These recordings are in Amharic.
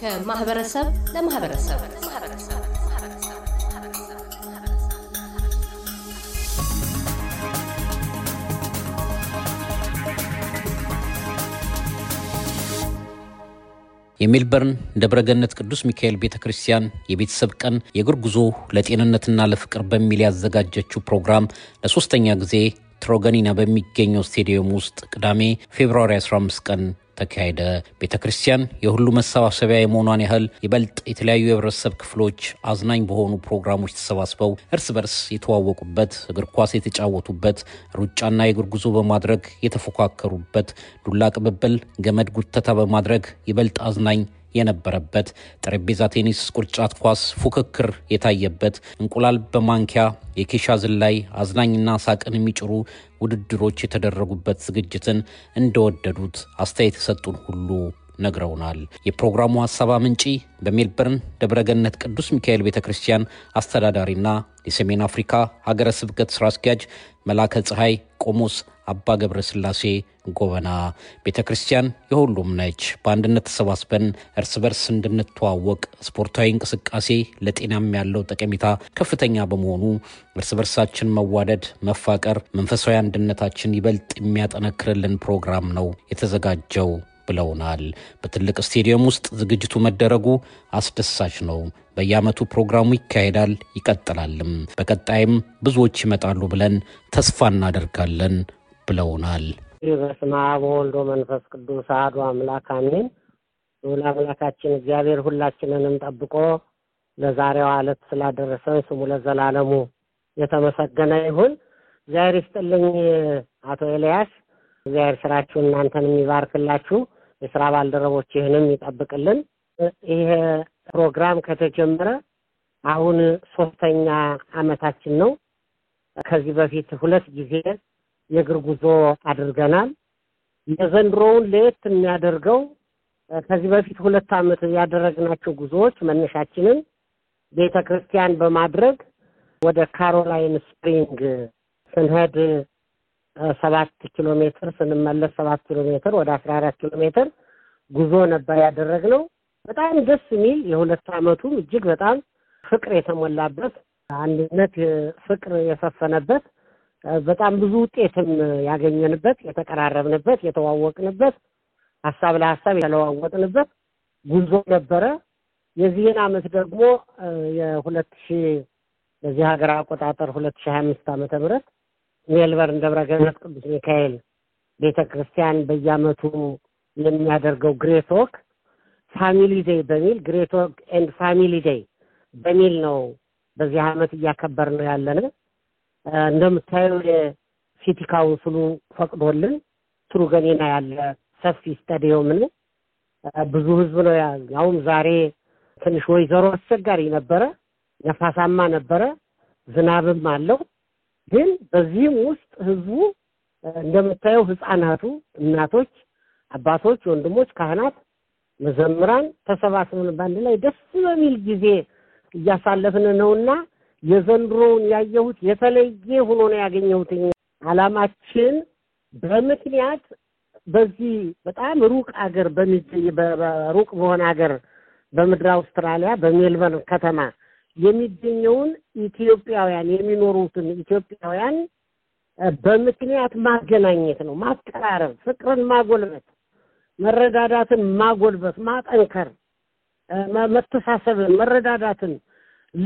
ከማህበረሰብ ለማህበረሰብ የሜልበርን ደብረገነት ቅዱስ ሚካኤል ቤተ ክርስቲያን የቤተሰብ ቀን የእግር ጉዞ ለጤንነትና ለፍቅር በሚል ያዘጋጀችው ፕሮግራም ለሶስተኛ ጊዜ ትሮገኒና በሚገኘው ስቴዲየም ውስጥ ቅዳሜ ፌብርዋሪ 15 ቀን ተካሄደ። ቤተ ክርስቲያን የሁሉ መሰባሰቢያ የመሆኗን ያህል ይበልጥ የተለያዩ የህብረተሰብ ክፍሎች አዝናኝ በሆኑ ፕሮግራሞች ተሰባስበው እርስ በርስ የተዋወቁበት፣ እግር ኳስ የተጫወቱበት፣ ሩጫና የእግር ጉዞ በማድረግ የተፎካከሩበት፣ ዱላ ቅብብል፣ ገመድ ጉተታ በማድረግ ይበልጥ አዝናኝ የነበረበት ጠረጴዛ ቴኒስ፣ ቁርጫት ኳስ ፉክክር የታየበት እንቁላል በማንኪያ የኬሻ ዝላይ፣ አዝናኝና ሳቅን የሚጭሩ ውድድሮች የተደረጉበት ዝግጅትን እንደወደዱት አስተያየት የሰጡን ሁሉ ነግረውናል። የፕሮግራሙ ሀሳብ አምንጪ በሜልበርን ደብረገነት ቅዱስ ሚካኤል ቤተ ክርስቲያን አስተዳዳሪና የሰሜን አፍሪካ ሀገረ ስብከት ስራ አስኪያጅ መላከ ፀሐይ ቆሞስ አባ ገብረ ስላሴ ጎበና ቤተ ክርስቲያን የሁሉም ነች። በአንድነት ተሰባስበን እርስ በርስ እንድንተዋወቅ ስፖርታዊ እንቅስቃሴ ለጤናም ያለው ጠቀሜታ ከፍተኛ በመሆኑ እርስ በርሳችን መዋደድ፣ መፋቀር መንፈሳዊ አንድነታችን ይበልጥ የሚያጠነክርልን ፕሮግራም ነው የተዘጋጀው ብለውናል። በትልቅ ስቴዲየም ውስጥ ዝግጅቱ መደረጉ አስደሳች ነው። በየዓመቱ ፕሮግራሙ ይካሄዳል፣ ይቀጥላልም። በቀጣይም ብዙዎች ይመጣሉ ብለን ተስፋ እናደርጋለን ብለውናል። በስመ አብ ወወልድ ወመንፈስ ቅዱስ አሐዱ አምላክ አሜን። ልዑል አምላካችን እግዚአብሔር ሁላችንንም ጠብቆ ለዛሬዋ ዕለት ስላደረሰን ስሙ ለዘላለሙ የተመሰገነ ይሁን። እግዚአብሔር ይስጥልኝ አቶ ኤልያስ፣ እግዚአብሔር ስራችሁ እናንተን የሚባርክላችሁ የስራ ይህንም ይጠብቅልን። ይሄ ፕሮግራም ከተጀመረ አሁን ሶስተኛ አመታችን ነው። ከዚህ በፊት ሁለት ጊዜ የእግር ጉዞ አድርገናል። የዘንድሮውን ለየት የሚያደርገው ከዚህ በፊት ሁለት ዓመት ያደረግናቸው ጉዞዎች መነሻችንን ቤተ ክርስቲያን በማድረግ ወደ ካሮላይን ስፕሪንግ ስንሄድ ሰባት ኪሎ ሜትር ስንመለስ ሰባት ኪሎ ሜትር ወደ አስራ አራት ኪሎ ሜትር ጉዞ ነበር ያደረግነው። በጣም ደስ የሚል የሁለት ዓመቱም እጅግ በጣም ፍቅር የተሞላበት አንድነት፣ ፍቅር የሰፈነበት በጣም ብዙ ውጤትም ያገኘንበት የተቀራረብንበት የተዋወቅንበት ሀሳብ ለሀሳብ የተለዋወጥንበት ጉዞ ነበረ። የዚህን አመት ደግሞ የሁለት ሺ በዚህ ሀገር አቆጣጠር ሁለት ሺ ሀያ አምስት አመተ ምህረት ሜልበርን ደብረ ገነት ቅዱስ ሚካኤል ቤተ ክርስቲያን በየአመቱ የሚያደርገው ግሬት ወክ ፋሚሊ ዴይ በሚል ግሬት ወክ ኤንድ ፋሚሊ ዴይ በሚል ነው በዚህ አመት እያከበር ነው ያለነው። እንደምታየው የሲቲ ካውንስሉ ፈቅዶልን ትሩ ገኔና ያለ ሰፊ ስታዲየም ነው። ብዙ ህዝብ ነው። ያውም ዛሬ ትንሽ ወይዘሮ አስቸጋሪ ነበረ፣ ነፋሳማ ነበረ፣ ዝናብም አለው። ግን በዚህም ውስጥ ህዝቡ እንደምታየው ህፃናቱ፣ እናቶች፣ አባቶች፣ ወንድሞች፣ ካህናት፣ መዘምራን ተሰባስበን በአንድ ላይ ደስ በሚል ጊዜ እያሳለፍን ነውና የዘንድሮውን ያየሁት የተለየ ሆኖ ነው ያገኘሁት። አላማችን በምክንያት በዚህ በጣም ሩቅ አገር በሚገኝ በሩቅ በሆነ አገር በምድር አውስትራሊያ በሜልበርን ከተማ የሚገኘውን ኢትዮጵያውያን የሚኖሩትን ኢትዮጵያውያን በምክንያት ማገናኘት ነው፣ ማቀራረብ፣ ፍቅርን ማጎልበት፣ መረዳዳትን ማጎልበት፣ ማጠንከር፣ መተሳሰብን፣ መረዳዳትን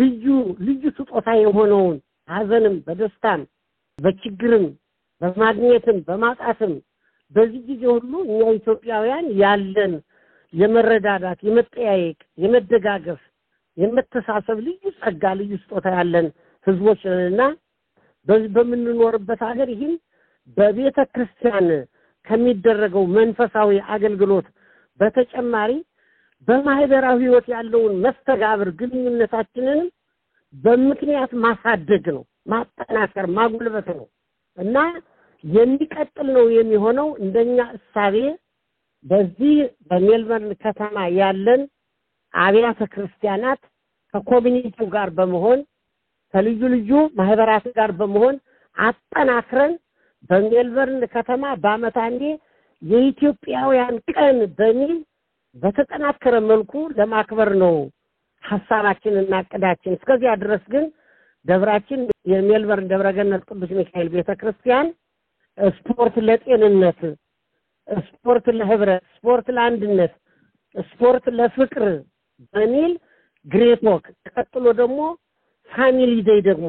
ልዩ ልዩ ስጦታ የሆነውን ሐዘንም በደስታም በችግርም በማግኘትም በማጣትም በዚህ ጊዜ ሁሉ እኛ ኢትዮጵያውያን ያለን የመረዳዳት፣ የመጠያየቅ፣ የመደጋገፍ፣ የመተሳሰብ ልዩ ጸጋ፣ ልዩ ስጦታ ያለን ህዝቦች ነንና በምንኖርበት ሀገር ይህን በቤተ ክርስቲያን ከሚደረገው መንፈሳዊ አገልግሎት በተጨማሪ በማህበራዊ ህይወት ያለውን መስተጋብር ግንኙነታችንንም በምክንያት ማሳደግ ነው፣ ማጠናከር፣ ማጉልበት ነው እና የሚቀጥል ነው የሚሆነው። እንደኛ እሳቤ በዚህ በሜልበርን ከተማ ያለን አብያተ ክርስቲያናት ከኮሚኒቲው ጋር በመሆን ከልዩ ልዩ ማህበራት ጋር በመሆን አጠናክረን በሜልበርን ከተማ በአመት አንዴ የኢትዮጵያውያን ቀን በሚል በተጠናከረ መልኩ ለማክበር ነው ሀሳባችን እና እቅዳችን። እስከዚያ ድረስ ግን ደብራችን የሜልበርን ደብረገነት ቅዱስ ሚካኤል ቤተ ክርስቲያን ስፖርት ለጤንነት፣ ስፖርት ለህብረት፣ ስፖርት ለአንድነት፣ ስፖርት ለፍቅር በሚል ግሬቶክ ቀጥሎ ደግሞ ፋሚሊ ደይ ደግሞ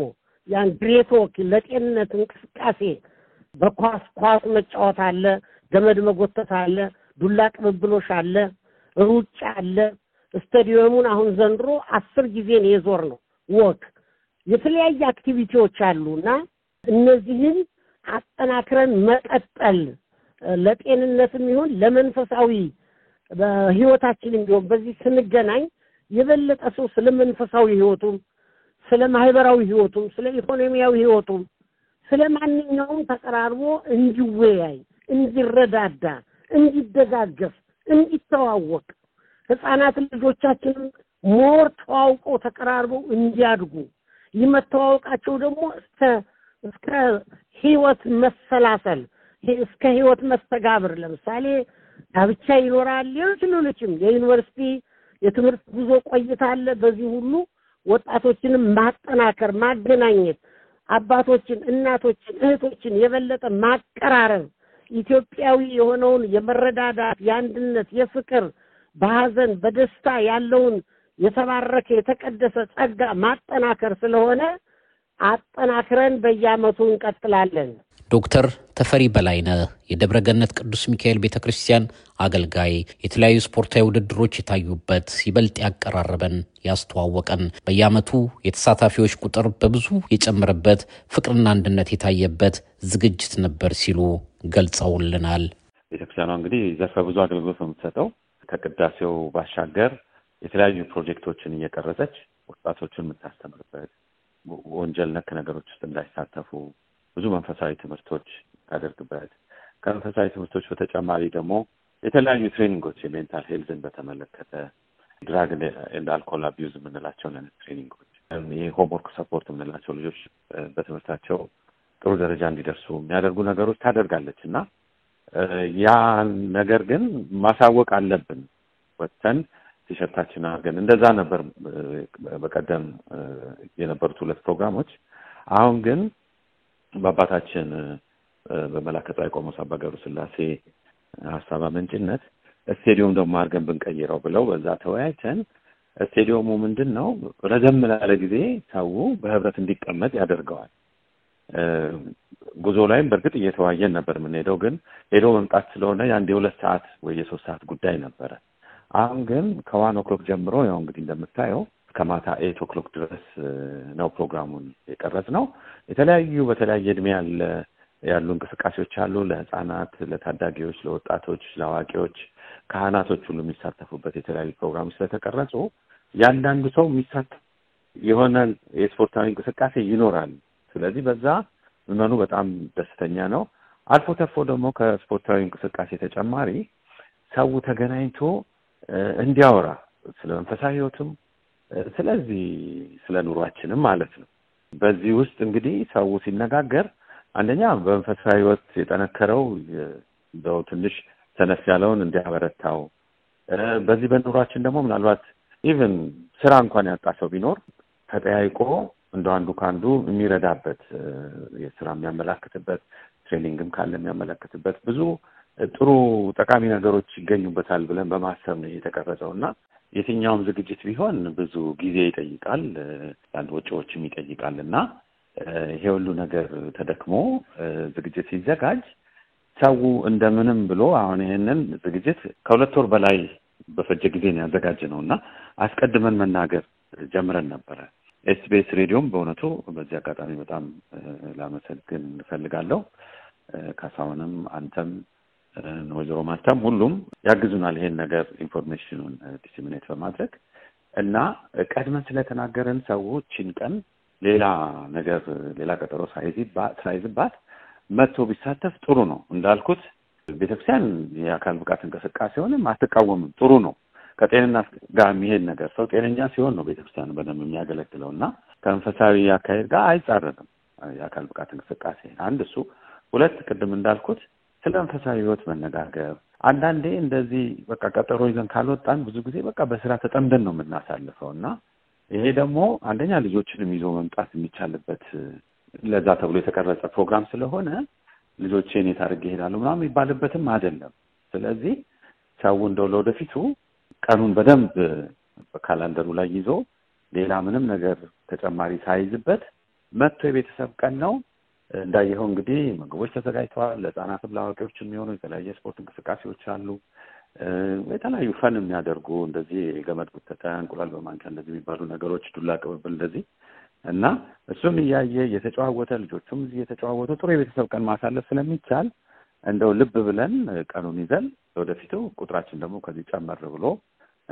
ያን ግሬቶክ ለጤንነት እንቅስቃሴ በኳስ ኳስ መጫወት አለ፣ ገመድ መጎተት አለ፣ ዱላ ቅብብሎሽ አለ። ሩጫ አለ። ስታዲየሙን አሁን ዘንድሮ አስር ጊዜን የዞር ነው ወክ የተለያየ አክቲቪቲዎች አሉና እነዚህን አጠናክረን መቀጠል ለጤንነትም ይሁን ለመንፈሳዊ ህይወታችንም ቢሆን በዚህ ስንገናኝ የበለጠ ሰው ስለ መንፈሳዊ ህይወቱም ስለ ማህበራዊ ህይወቱም ስለ ኢኮኖሚያዊ ህይወቱም ስለ ማንኛውም ተቀራርቦ እንዲወያይ፣ እንዲረዳዳ፣ እንዲደጋገፍ እንዲተዋወቅ ህፃናት ልጆቻችንም ሞር ተዋውቀው ተቀራርበው እንዲያድጉ ይህ መተዋወቃቸው ደግሞ እስከ እስከ ህይወት መሰላሰል እስከ ህይወት መስተጋብር ለምሳሌ ጋብቻ ይኖራል፣ ሌሎች ሌሎችም የዩኒቨርሲቲ የትምህርት ጉዞ ቆይታ አለ። በዚህ ሁሉ ወጣቶችንም ማጠናከር፣ ማገናኘት፣ አባቶችን፣ እናቶችን፣ እህቶችን የበለጠ ማቀራረብ ኢትዮጵያዊ የሆነውን የመረዳዳት፣ የአንድነት፣ የፍቅር፣ በሀዘን በደስታ ያለውን የተባረከ የተቀደሰ ጸጋ ማጠናከር ስለሆነ አጠናክረን በየዓመቱ እንቀጥላለን። ዶክተር ተፈሪ በላይነህ የደብረገነት ቅዱስ ሚካኤል ቤተ ክርስቲያን አገልጋይ፣ የተለያዩ ስፖርታዊ ውድድሮች የታዩበት ይበልጥ ያቀራረበን ያስተዋወቀን፣ በየአመቱ የተሳታፊዎች ቁጥር በብዙ የጨመረበት፣ ፍቅርና አንድነት የታየበት ዝግጅት ነበር ሲሉ ገልጸውልናል። ቤተክርስቲያኗ እንግዲህ ዘርፈ ብዙ አገልግሎት ነው የምትሰጠው። ከቅዳሴው ባሻገር የተለያዩ ፕሮጀክቶችን እየቀረጸች ወጣቶችን የምታስተምርበት ወንጀል ነክ ነገሮች ውስጥ እንዳይሳተፉ ብዙ መንፈሳዊ ትምህርቶች ታደርግበት። ከመንፈሳዊ ትምህርቶች በተጨማሪ ደግሞ የተለያዩ ትሬኒንጎች የሜንታል ሄልዝን በተመለከተ ድራግ ኤንድ አልኮል አቢዩዝ የምንላቸው ትሬኒንጎች፣ ይህ ሆምወርክ ሰፖርት የምንላቸው ልጆች በትምህርታቸው ጥሩ ደረጃ እንዲደርሱ የሚያደርጉ ነገሮች ታደርጋለች እና ያ ነገር ግን ማሳወቅ አለብን። ወጥተን ቲሸርታችን አድርገን እንደዛ ነበር በቀደም የነበሩት ሁለት ፕሮግራሞች። አሁን ግን በአባታችን በመላከት ጸሐይ አባገሩ ስላሴ ሀሳብ አመንጭነት ስቴዲየም ደግሞ አድርገን ብንቀይረው ብለው በዛ ተወያይተን ስቴዲየሙ ምንድን ነው ረዘም ላለ ጊዜ ሰው በህብረት እንዲቀመጥ ያደርገዋል። ጉዞ ላይም በእርግጥ እየተዋየን ነበር የምንሄደው፣ ግን ሄዶ መምጣት ስለሆነ የአንድ የሁለት ሰዓት ወይ የሶስት ሰዓት ጉዳይ ነበረ። አሁን ግን ከዋን ኦክሎክ ጀምሮ ያው እንግዲህ እንደምታየው ከማታ ኤት ኦክሎክ ድረስ ነው ፕሮግራሙን የቀረጽ ነው። የተለያዩ በተለያየ እድሜ ያለ ያሉ እንቅስቃሴዎች አሉ። ለህፃናት፣ ለታዳጊዎች፣ ለወጣቶች፣ ለአዋቂዎች ካህናቶች ሁሉ የሚሳተፉበት የተለያዩ ፕሮግራሞች ስለተቀረጹ ያንዳንዱ ሰው የሚሳተፍ የሆነ የስፖርታዊ እንቅስቃሴ ይኖራል ስለዚህ በዛ መኑ በጣም ደስተኛ ነው። አልፎ ተፎ ደግሞ ከስፖርታዊ እንቅስቃሴ ተጨማሪ ሰው ተገናኝቶ እንዲያወራ ስለ መንፈሳዊ ሕይወቱም ስለዚህ ስለ ኑሯችንም ማለት ነው። በዚህ ውስጥ እንግዲህ ሰው ሲነጋገር አንደኛ በመንፈሳዊ ህይወት የጠነከረው ዘው ትንሽ ተነስ ያለውን እንዲያበረታው፣ በዚህ በኑሯችን ደግሞ ምናልባት ኢቨን ስራ እንኳን ያጣ ሰው ቢኖር ተጠያይቆ እንደ አንዱ ከአንዱ የሚረዳበት የስራ የሚያመላክትበት ትሬኒንግም ካለ የሚያመላክትበት ብዙ ጥሩ ጠቃሚ ነገሮች ይገኙበታል ብለን በማሰብ ነው የተቀረጸው እና የትኛውም ዝግጅት ቢሆን ብዙ ጊዜ ይጠይቃል፣ አንድ ወጪዎችም ይጠይቃል እና ይሄ ሁሉ ነገር ተደክሞ ዝግጅት ሲዘጋጅ ሰው እንደምንም ብሎ አሁን ይህንን ዝግጅት ከሁለት ወር በላይ በፈጀ ጊዜ ነው ያዘጋጀ ነው እና አስቀድመን መናገር ጀምረን ነበረ ኤስቢኤስ ሬዲዮም በእውነቱ በዚህ አጋጣሚ በጣም ላመሰግን እንፈልጋለሁ። ካሳሁንም፣ አንተም፣ ወይዘሮ ማርታም ሁሉም ያግዙናል ይሄን ነገር ኢንፎርሜሽኑን ዲስሚኔት በማድረግ እና ቀድመን ስለተናገረን ሰዎችን ቀን ሌላ ነገር ሌላ ቀጠሮ ሳይዝባት መጥቶ ቢሳተፍ ጥሩ ነው። እንዳልኩት ቤተክርስቲያን የአካል ብቃት እንቅስቃሴ ሆንም አትቃወምም፣ ጥሩ ነው። ከጤንና ጋር የሚሄድ ነገር ሰው ጤነኛ ሲሆን ነው ቤተክርስቲያን በደንብ የሚያገለግለው እና ከመንፈሳዊ አካሄድ ጋር አይጻረንም የአካል ብቃት እንቅስቃሴ አንድ እሱ። ሁለት ቅድም እንዳልኩት ስለ መንፈሳዊ ህይወት መነጋገር አንዳንዴ እንደዚህ በቃ ቀጠሮ ይዘን ካልወጣን ብዙ ጊዜ በቃ በስራ ተጠምደን ነው የምናሳልፈው እና ይሄ ደግሞ አንደኛ ልጆችንም ይዞ መምጣት የሚቻልበት ለዛ ተብሎ የተቀረጸ ፕሮግራም ስለሆነ ልጆቼ እኔ ታርጌ ይሄዳሉ ምናምን የሚባልበትም አይደለም። ስለዚህ ሰው እንደው ለወደፊቱ ቀኑን በደንብ በካላንደሩ ላይ ይዞ ሌላ ምንም ነገር ተጨማሪ ሳይዝበት መጥቶ የቤተሰብ ቀን ነው። እንዳየኸው እንግዲህ ምግቦች ተዘጋጅተዋል። ለሕፃናትም ለአዋቂዎች የሚሆኑ የተለያየ ስፖርት እንቅስቃሴዎች አሉ። የተለያዩ ፈን የሚያደርጉ እንደዚህ የገመድ ጉተታ፣ እንቁላል በማንኪያ እንደዚህ የሚባሉ ነገሮች፣ ዱላ ቅብብል እንደዚህ እና እሱም እያየ እየተጨዋወተ ልጆቹም እዚህ እየተጨዋወቱ ጥሩ የቤተሰብ ቀን ማሳለፍ ስለሚቻል እንደው ልብ ብለን ቀኑን ይዘን ወደፊቱ ቁጥራችን ደግሞ ከዚህ ጨመር ብሎ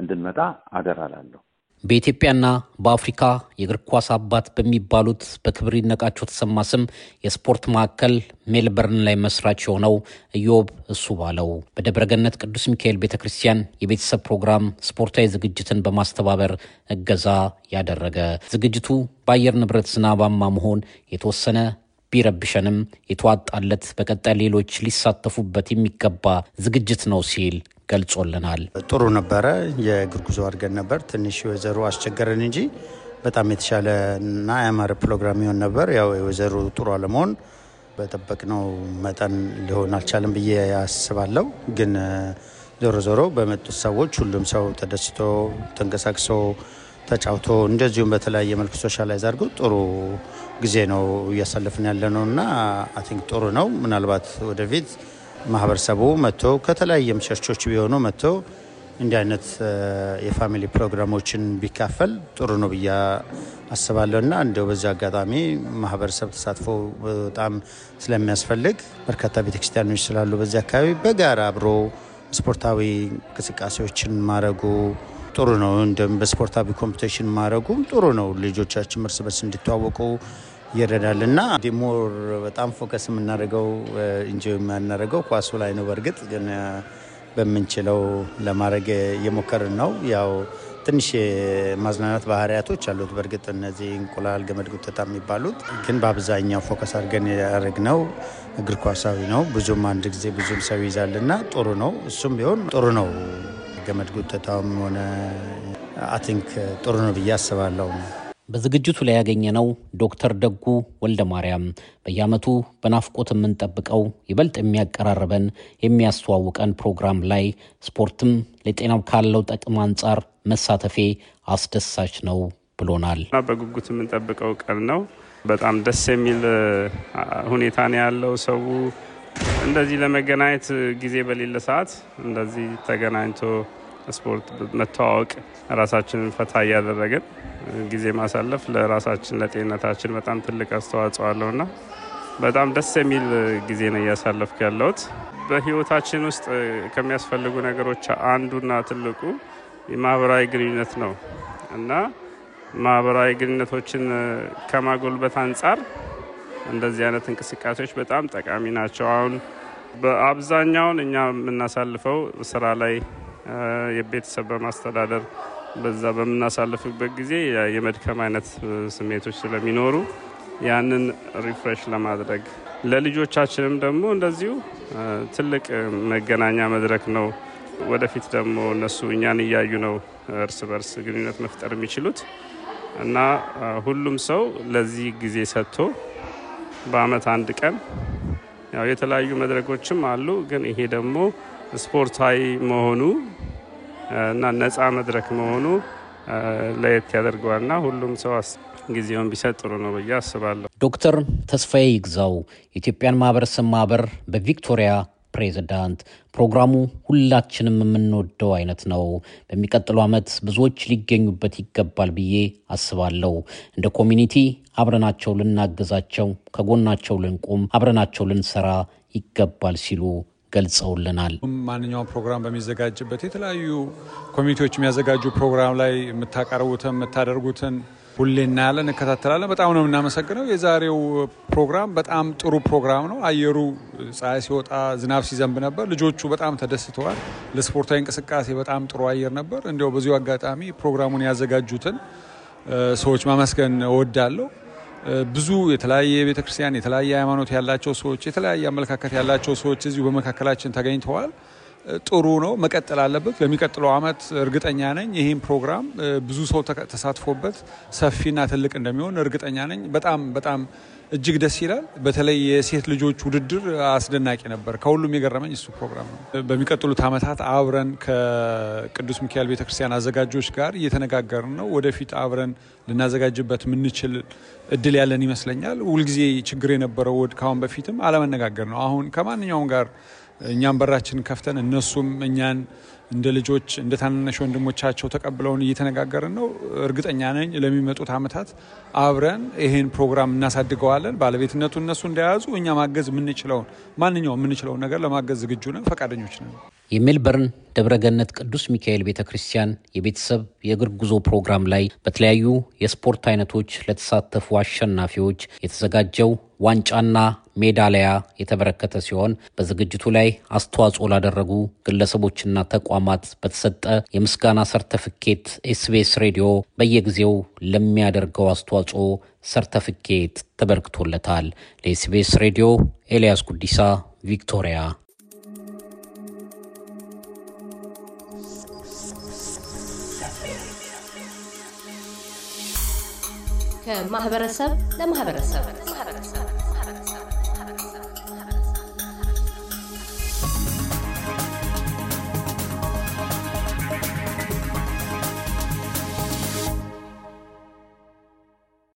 እንድንመጣ አደራ ላለሁ። በኢትዮጵያና በአፍሪካ የእግር ኳስ አባት በሚባሉት በክብር ይነቃቸው ተሰማ ስም የስፖርት ማዕከል ሜልበርን ላይ መስራች የሆነው ኢዮብ እሱ ባለው በደብረገነት ቅዱስ ሚካኤል ቤተ ክርስቲያን የቤተሰብ ፕሮግራም ስፖርታዊ ዝግጅትን በማስተባበር እገዛ ያደረገ ዝግጅቱ በአየር ንብረት ዝናባማ መሆን የተወሰነ ቢረብሸንም የተዋጣለት በቀጣይ ሌሎች ሊሳተፉበት የሚገባ ዝግጅት ነው ሲል ገልጾልናል። ጥሩ ነበረ። የእግር ጉዞ አድርገን ነበር። ትንሽ ወይዘሮ አስቸገረን እንጂ በጣም የተሻለና ያማረ ፕሮግራም ይሆን ነበር። ያው የወይዘሮ ጥሩ አለመሆን በጠበቅነው መጠን ሊሆን አልቻለም ብዬ ያስባለሁ። ግን ዞሮ ዞሮ በመጡት ሰዎች ሁሉም ሰው ተደስቶ ተንቀሳቅሶ ተጫውቶ እንደዚሁም በተለያየ መልክ ሶሻላይዝ አድርገው ጥሩ ጊዜ ነው እያሳለፍን ያለ ነው እና አይ ቲንክ ጥሩ ነው። ምናልባት ወደፊት ማህበረሰቡ መጥቶ ከተለያየም ቸርቾች ቢሆኑ መጥቶ እንዲህ አይነት የፋሚሊ ፕሮግራሞችን ቢካፈል ጥሩ ነው ብዬ አስባለሁ እና እንዲያው በዚህ አጋጣሚ ማህበረሰብ ተሳትፎ በጣም ስለሚያስፈልግ በርካታ ቤተክርስቲያኖች ስላሉ በዚህ አካባቢ በጋራ አብሮ ስፖርታዊ እንቅስቃሴዎችን ማድረጉ ጥሩ ነው። እንደም በስፖርታዊ ኮምፒቴሽን ማድረጉም ጥሩ ነው። ልጆቻችን እርስ በርስ እንዲተዋወቁ ይረዳል እና ሞር በጣም ፎከስ የምናደርገው እንጂ የምናደርገው ኳሱ ላይ ነው። በእርግጥ ግን በምንችለው ለማድረግ እየሞከርን ነው። ያው ትንሽ ማዝናናት ባህሪያቶች አሉት። በእርግጥ እነዚህ እንቁላል፣ ገመድ ጉተታ የሚባሉት ግን በአብዛኛው ፎከስ አድርገን ያደረግነው እግር ኳሳዊ ነው። ብዙም አንድ ጊዜ ብዙም ሰው ይዛልና ጥሩ ነው። እሱም ቢሆን ጥሩ ነው። ገመድ ጉተታውም ሆነ አቲንክ ጥሩ ነው ብዬ አስባለሁ። በዝግጅቱ ላይ ያገኘነው ዶክተር ደጉ ወልደ ማርያም በየዓመቱ በናፍቆት የምንጠብቀው ይበልጥ የሚያቀራርበን የሚያስተዋውቀን ፕሮግራም ላይ ስፖርትም ለጤናው ካለው ጥቅም አንጻር መሳተፌ አስደሳች ነው ብሎናል። በጉጉት የምንጠብቀው ቀን ነው። በጣም ደስ የሚል ሁኔታ ነው ያለው ሰው እንደዚህ ለመገናኘት ጊዜ በሌለ ሰዓት እንደዚህ ተገናኝቶ ስፖርት መተዋወቅ ራሳችንን ፈታ እያደረግን ጊዜ ማሳለፍ ለራሳችን ለጤንነታችን በጣም ትልቅ አስተዋጽኦ አለው እና በጣም ደስ የሚል ጊዜ ነው እያሳለፍኩ ያለሁት። በህይወታችን ውስጥ ከሚያስፈልጉ ነገሮች አንዱና ትልቁ የማህበራዊ ግንኙነት ነው እና ማህበራዊ ግንኙነቶችን ከማጎልበት አንጻር እንደዚህ አይነት እንቅስቃሴዎች በጣም ጠቃሚ ናቸው። አሁን በአብዛኛውን እኛ የምናሳልፈው ስራ ላይ የቤተሰብ በማስተዳደር በዛ በምናሳልፍበት ጊዜ የመድከም አይነት ስሜቶች ስለሚኖሩ ያንን ሪፍሬሽ ለማድረግ ለልጆቻችንም ደግሞ እንደዚሁ ትልቅ መገናኛ መድረክ ነው። ወደፊት ደግሞ እነሱ እኛን እያዩ ነው እርስ በርስ ግንኙነት መፍጠር የሚችሉት እና ሁሉም ሰው ለዚህ ጊዜ ሰጥቶ በአመት አንድ ቀን ያው የተለያዩ መድረኮችም አሉ። ግን ይሄ ደግሞ ስፖርታዊ መሆኑ እና ነፃ መድረክ መሆኑ ለየት ያደርገዋልና ሁሉም ሰው ጊዜውን ቢሰጥ ጥሩ ነው ብዬ አስባለሁ። ዶክተር ተስፋዬ ይግዛው የኢትዮጵያን ማህበረሰብ ማህበር በቪክቶሪያ ፕሬዚዳንት ፕሮግራሙ ሁላችንም የምንወደው አይነት ነው። በሚቀጥለው ዓመት ብዙዎች ሊገኙበት ይገባል ብዬ አስባለሁ። እንደ ኮሚኒቲ አብረናቸው ልናግዛቸው፣ ከጎናቸው ልንቆም፣ አብረናቸው ልንሰራ ይገባል ሲሉ ገልጸውልናል። ማንኛውም ፕሮግራም በሚዘጋጅበት የተለያዩ ኮሚኒቲዎች የሚያዘጋጁ ፕሮግራም ላይ የምታቀርቡትን የምታደርጉትን ሁሌ እናያለን፣ እንከታተላለን። በጣም ነው የምናመሰግነው። የዛሬው ፕሮግራም በጣም ጥሩ ፕሮግራም ነው። አየሩ ፀሐይ ሲወጣ ዝናብ ሲዘንብ ነበር። ልጆቹ በጣም ተደስተዋል። ለስፖርታዊ እንቅስቃሴ በጣም ጥሩ አየር ነበር። እንዲያው በዚሁ አጋጣሚ ፕሮግራሙን ያዘጋጁትን ሰዎች ማመስገን እወዳለሁ። ብዙ የተለያየ ቤተክርስቲያን ክርስቲያን የተለያየ ሃይማኖት ያላቸው ሰዎች የተለያየ አመለካከት ያላቸው ሰዎች እዚሁ በመካከላችን ተገኝተዋል። ጥሩ ነው፣ መቀጠል አለበት። በሚቀጥለው ዓመት እርግጠኛ ነኝ ይህም ፕሮግራም ብዙ ሰው ተሳትፎበት ሰፊና ትልቅ እንደሚሆን እርግጠኛ ነኝ። በጣም በጣም እጅግ ደስ ይላል። በተለይ የሴት ልጆች ውድድር አስደናቂ ነበር። ከሁሉም የገረመኝ እሱ ፕሮግራም ነው። በሚቀጥሉት ዓመታት አብረን ከቅዱስ ሚካኤል ቤተክርስቲያን አዘጋጆች ጋር እየተነጋገርን ነው። ወደፊት አብረን ልናዘጋጅበት የምንችል እድል ያለን ይመስለኛል። ሁልጊዜ ችግር የነበረው ወድ ካሁን በፊትም አለመነጋገር ነው። አሁን ከማንኛውም ጋር እኛም በራችን ከፍተን እነሱም እኛን እንደ ልጆች እንደ ታናናሽ ወንድሞቻቸው ተቀብለውን እየተነጋገርን ነው። እርግጠኛ ነኝ ለሚመጡት ዓመታት አብረን ይሄን ፕሮግራም እናሳድገዋለን። ባለቤትነቱ እነሱ እንደያዙ እኛ ማገዝ የምንችለውን ማንኛውም የምንችለውን ነገር ለማገዝ ዝግጁ ነን፣ ፈቃደኞች ነን። የሜልበርን ደብረገነት ቅዱስ ሚካኤል ቤተ ክርስቲያን የቤተሰብ የእግር ጉዞ ፕሮግራም ላይ በተለያዩ የስፖርት አይነቶች ለተሳተፉ አሸናፊዎች የተዘጋጀው ዋንጫና ሜዳሊያ የተበረከተ ሲሆን በዝግጅቱ ላይ አስተዋጽኦ ላደረጉ ግለሰቦችና ተቋማት በተሰጠ የምስጋና ሰርተፍኬት ኤስቢኤስ ሬዲዮ በየጊዜው ለሚያደርገው አስተዋጽኦ ሰርተፍኬት ተበርክቶለታል። ለኤስቢኤስ ሬዲዮ ኤልያስ ጉዲሳ ቪክቶሪያ ከማህበረሰብ ለማህበረሰብ